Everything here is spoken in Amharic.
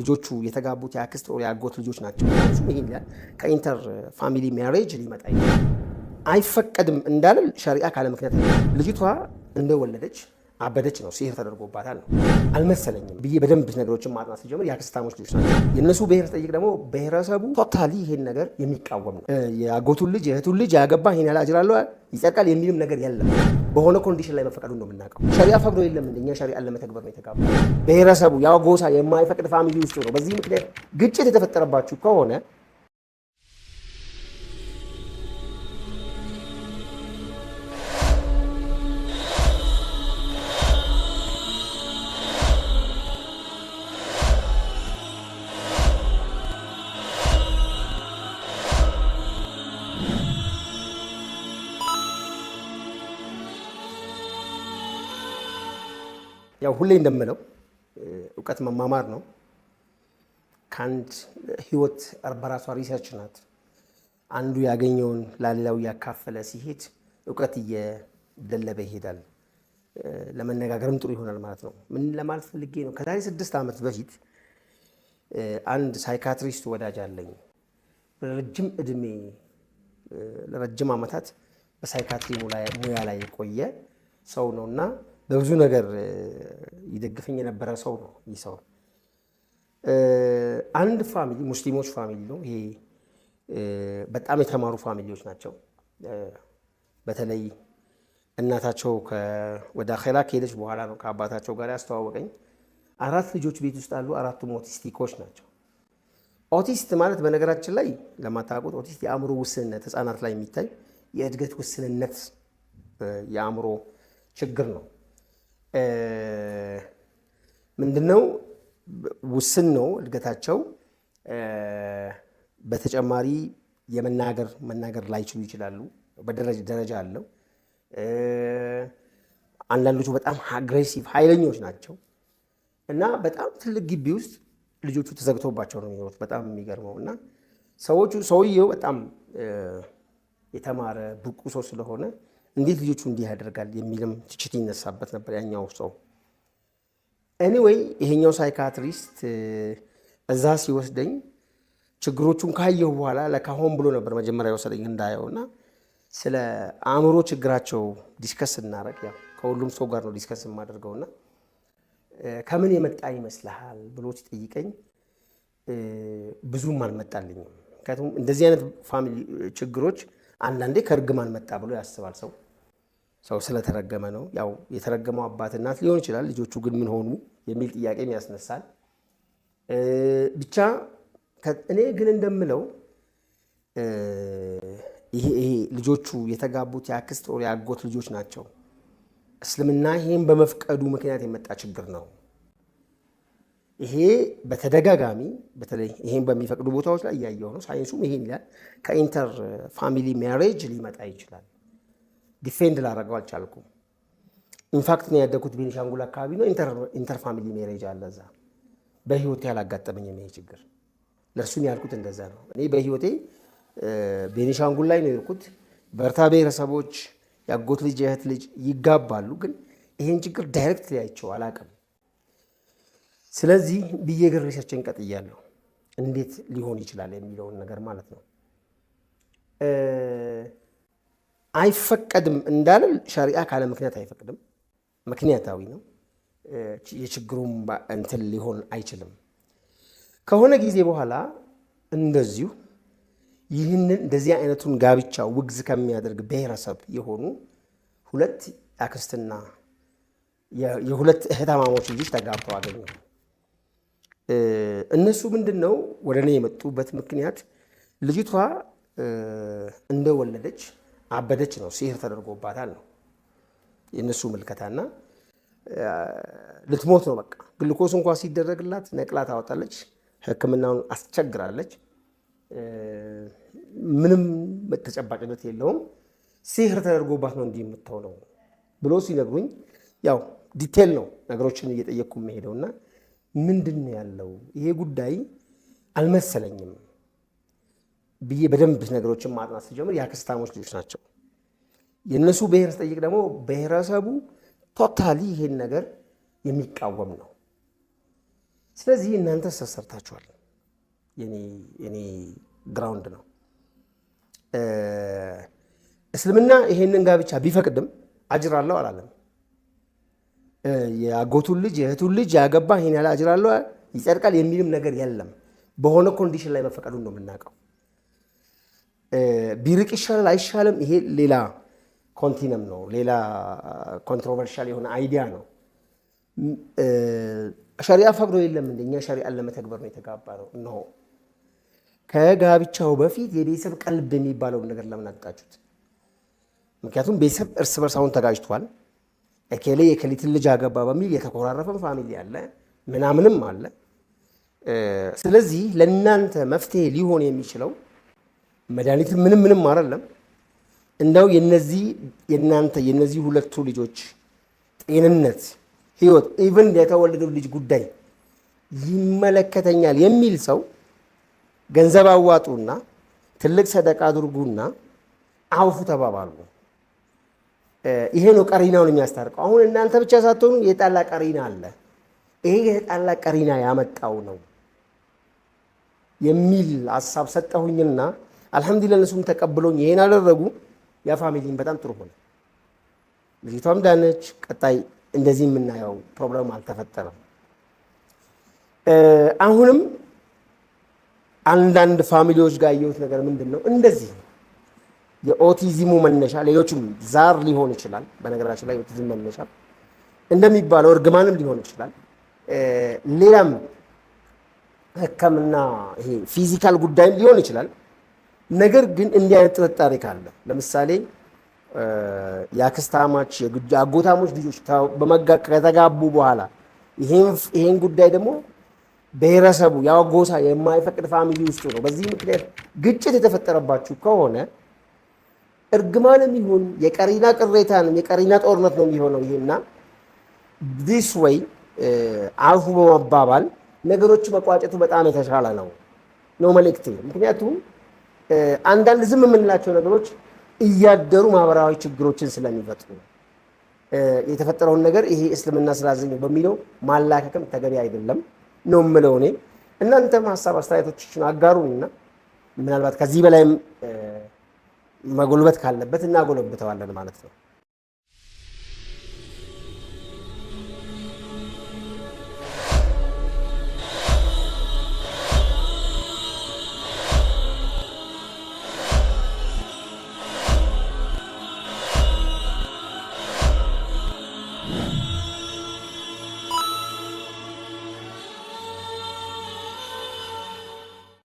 ልጆቹ የተጋቡት የአክስት ኦር የአጎት ልጆች ናቸው። እሱም ይሄን ይላል ከኢንተር ፋሚሊ ሜሬጅ ሊመጣ አይፈቀድም እንዳልል ሸሪያ ካለ ምክንያት ልጅቷ እንደወለደች አበደች ነው፣ ሲህር ተደርጎባታል ነው አልመሰለኝም ብዬ በደንብ ነገሮችን ማጥናት ሲጀምር የአክስታሞች ልጆች ናቸው። የእነሱ ብሔር ስጠይቅ ደግሞ ብሔረሰቡ ቶታሊ ይሄን ነገር የሚቃወም ነው። የአጎቱን ልጅ የእህቱን ልጅ ያገባ ይሄን ያለ አጅራለ አለው ይጸድቃል የሚልም ነገር የለም። በሆነ ኮንዲሽን ላይ መፈቀዱን ነው የምናውቀው። ሸሪያ ፈቅዶ የለም እኛ ሸሪያን ለመተግበር ነው የተጋባ። ብሔረሰቡ ያው ጎሳ የማይፈቅድ ፋሚሊ ውስጥ ነው። በዚህ ምክንያት ግጭት የተፈጠረባችሁ ከሆነ ያው ሁሌ እንደምለው እውቀት መማማር ነው። ከአንድ ህይወት በራሷ ሪሰርች ናት። አንዱ ያገኘውን ላሌላው እያካፈለ ሲሄድ እውቀት እየደለበ ይሄዳል። ለመነጋገርም ጥሩ ይሆናል ማለት ነው። ምን ለማለት ፈልጌ ነው? ከዛሬ ስድስት ዓመት በፊት አንድ ሳይካትሪስት ወዳጅ አለኝ። ረጅም እድሜ ለረጅም ዓመታት በሳይካትሪ ሙያ ላይ የቆየ ሰው ነውእና። በብዙ ነገር ይደግፈኝ የነበረ ሰው ነው። ይህ ሰው አንድ ፋሚሊ ሙስሊሞች ፋሚሊ ነው። ይሄ በጣም የተማሩ ፋሚሊዎች ናቸው። በተለይ እናታቸው ወደ አኼራ ከሄደች በኋላ ነው ከአባታቸው ጋር ያስተዋወቀኝ። አራት ልጆች ቤት ውስጥ አሉ። አራቱም ኦቲስቲኮች ናቸው። ኦቲስት ማለት በነገራችን ላይ ለማታውቁት ኦቲስት የአእምሮ ውስንነት ህፃናት ላይ የሚታይ የእድገት ውስንነት የአእምሮ ችግር ነው። ምንድነው ውስን ነው እድገታቸው። በተጨማሪ የመናገር መናገር ላይችሉ ይችላሉ። በደረጃ ደረጃ አለው። አንዳንዶቹ በጣም አግሬሲቭ ኃይለኞች ናቸው እና በጣም ትልቅ ግቢ ውስጥ ልጆቹ ተዘግቶባቸው ነው የሚኖሩት። በጣም የሚገርመው እና ሰዎቹ ሰውየው በጣም የተማረ ብቁ ሰው ስለሆነ እንዴት ልጆቹ እንዲህ ያደርጋል የሚልም ትችት ይነሳበት ነበር ያኛው ሰው። ኤኒዌይ ይሄኛው ሳይካትሪስት እዛ ሲወስደኝ ችግሮቹን ካየሁ በኋላ ለካሆን ብሎ ነበር መጀመሪያ የወሰደኝ እንዳየው እና ስለ አእምሮ ችግራቸው ዲስከስ እናረግ። ያው ከሁሉም ሰው ጋር ነው ዲስከስ የማደርገውና ከምን የመጣ ይመስልሃል ብሎ ሲጠይቀኝ ብዙም አልመጣልኝም። ምክንያቱም እንደዚህ አይነት ፋሚሊ ችግሮች አንዳንዴ ከእርግማን መጣ ብሎ ያስባል ሰው። ሰው ስለተረገመ ነው። ያው የተረገመው አባት እናት ሊሆን ይችላል። ልጆቹ ግን ምን ሆኑ የሚል ጥያቄም ያስነሳል። ብቻ እኔ ግን እንደምለው ይሄ ልጆቹ የተጋቡት የአክስት ጦር የአጎት ልጆች ናቸው። እስልምና ይህም በመፍቀዱ ምክንያት የመጣ ችግር ነው። ይሄ በተደጋጋሚ በተለይ ይሄን በሚፈቅዱ ቦታዎች ላይ እያየው ነው። ሳይንሱም ይሄን ይላል። ከኢንተር ፋሚሊ ሜሬጅ ሊመጣ ይችላል ዲፌንድ ላደረገው አልቻልኩም። ኢንፋክት ነው ያደግኩት ቤኒሻንጉል አካባቢ ነው። ኢንተር ፋሚሊ ሜሬጅ አለ እዛ። በህይወቴ አላጋጠመኝ ይሄ ችግር ለእርሱን ያልኩት እንደዛ ነው። እኔ በህይወቴ ቤኒሻንጉል ላይ ነው የሄድኩት። በርታ ብሔረሰቦች ያጎት ልጅ የእህት ልጅ ይጋባሉ፣ ግን ይሄን ችግር ዳይሬክት ሊያቸው አላቅም። ስለዚህ ብዬ ግን ሪሰርችን ቀጥያለሁ፣ እንዴት ሊሆን ይችላል የሚለውን ነገር ማለት ነው። አይፈቀድም እንዳለን ሸሪዓ ካለ ምክንያት አይፈቅድም። ምክንያታዊ ነው። የችግሩም እንትን ሊሆን አይችልም። ከሆነ ጊዜ በኋላ እንደዚሁ ይህንን እንደዚህ አይነቱን ጋብቻ ውግዝ ከሚያደርግ ብሔረሰብ የሆኑ ሁለት አክስትና የሁለት እህታማሞች ልጆች ተጋብተው አገኘ። እነሱ ምንድን ነው ወደ እኔ የመጡበት ምክንያት ልጅቷ እንደወለደች አበደች ነው፣ ሲህር ተደርጎባታል ነው የእነሱ ምልከታና ልትሞት ነው በቃ። ግልኮስ እንኳ ሲደረግላት ነቅላ ታወጣለች። ህክምናውን አስቸግራለች። ምንም ተጨባጭነት የለውም። ሲህር ተደርጎባት ነው እንዲህ የምትሆነው ብሎ ሲነግሩኝ ያው ዲቴል ነው ነገሮችን እየጠየቅኩ መሄደውና ምንድን ነው ያለው ይሄ ጉዳይ አልመሰለኝም። ብዬ በደንብ ነገሮችን ማጥናት ስጀምር የአክስታሞች ልጆች ናቸው። የእነሱ ብሔር ስጠይቅ ደግሞ ብሔረሰቡ ቶታሊ ይሄን ነገር የሚቃወም ነው። ስለዚህ እናንተ ሰሰርታችኋል የኔ ግራውንድ ነው። እስልምና ይሄንን ጋብቻ ቢፈቅድም አጅር አለው አላለም። የአጎቱን ልጅ የእህቱን ልጅ ያገባ ይሄን ያለ አጅር አለው ይጸድቃል የሚልም ነገር የለም። በሆነ ኮንዲሽን ላይ መፈቀዱን ነው የምናውቀው። ቢርቅ ይሻላል አይሻልም፣ ይሄ ሌላ ኮንቲነም ነው። ሌላ ኮንትሮቨርሻል የሆነ አይዲያ ነው። ሸሪአ ፈቅዶ የለም እኛ ሸሪአን ለመተግበር ነው የተጋባ ነው። ኖ ከጋብቻው በፊት የቤተሰብ ቀልብ የሚባለውን ነገር ለምን አጣችሁት? ምክንያቱም ቤተሰብ እርስ በርስ አሁን ተጋጅቷል። እኬሌ የከሊትን ልጅ አገባ በሚል የተኮራረፈን ፋሚሊ አለ፣ ምናምንም አለ። ስለዚህ ለእናንተ መፍትሄ ሊሆን የሚችለው መድኃኒት ምንም ምንም አይደለም። እንደው የነዚህ የእናንተ የነዚህ ሁለቱ ልጆች ጤንነት፣ ህይወት፣ ኢቨን የተወለደው ልጅ ጉዳይ ይመለከተኛል የሚል ሰው ገንዘብ አዋጡና ትልቅ ሰደቃ አድርጉና አውፉ ተባባሉ። ይሄ ነው ቀሪናውን የሚያስታርቀው። አሁን እናንተ ብቻ ሳትሆኑ የጣላ ቀሪና አለ። ይሄ የጣላ ቀሪና ያመጣው ነው የሚል ሀሳብ ሰጠሁኝና አልሐምዱሊላህ እነሱም ተቀብለውኝ ይሄን አደረጉ። ያ ፋሚሊም በጣም ጥሩ ሆነ። ልጅቷም ዳነች። ቀጣይ እንደዚህ የምናየው ፕሮብለም አልተፈጠረም። አሁንም አንዳንድ ፋሚሊዎች ጋር ያየሁት ነገር ምንድን ነው እንደዚህ የኦቲዝሙ መነሻ ሌሎችም ዛር ሊሆን ይችላል። በነገራችን ላይ ኦቲዝም መነሻ እንደሚባለው እርግማንም ሊሆን ይችላል። ሌላም ሕክምና ይሄ ፊዚካል ጉዳይም ሊሆን ይችላል። ነገር ግን እንዲህ አይነት ጥርጣሬ ካለ ለምሳሌ የአክስታማች የአጎታሞች ልጆች ከተጋቡ በኋላ ይሄን ጉዳይ ደግሞ ብሔረሰቡ ያው ጎሳ የማይፈቅድ ፋሚሊ ውስጡ ነው። በዚህ ምክንያት ግጭት የተፈጠረባችሁ ከሆነ እርግማንም ይሁን የቀሪና ቅሬታንም የቀሪና ጦርነት ነው የሚሆነው። ይሄና ዲስ ወይ አልፉ በመባባል ነገሮች መቋጨቱ በጣም የተሻለ ነው ነው መልእክቴ ምክንያቱም አንዳንድ ዝም የምንላቸው ነገሮች እያደሩ ማህበራዊ ችግሮችን ስለሚፈጥሩ የተፈጠረውን ነገር ይሄ እስልምና ስላዘኘው በሚለው ማላከክም ተገቢ አይደለም ነው የምለው እኔ። እናንተም ሀሳብ አስተያየቶችን አጋሩንና ምናልባት ከዚህ በላይም መጎልበት ካለበት እናጎለብተዋለን ማለት ነው።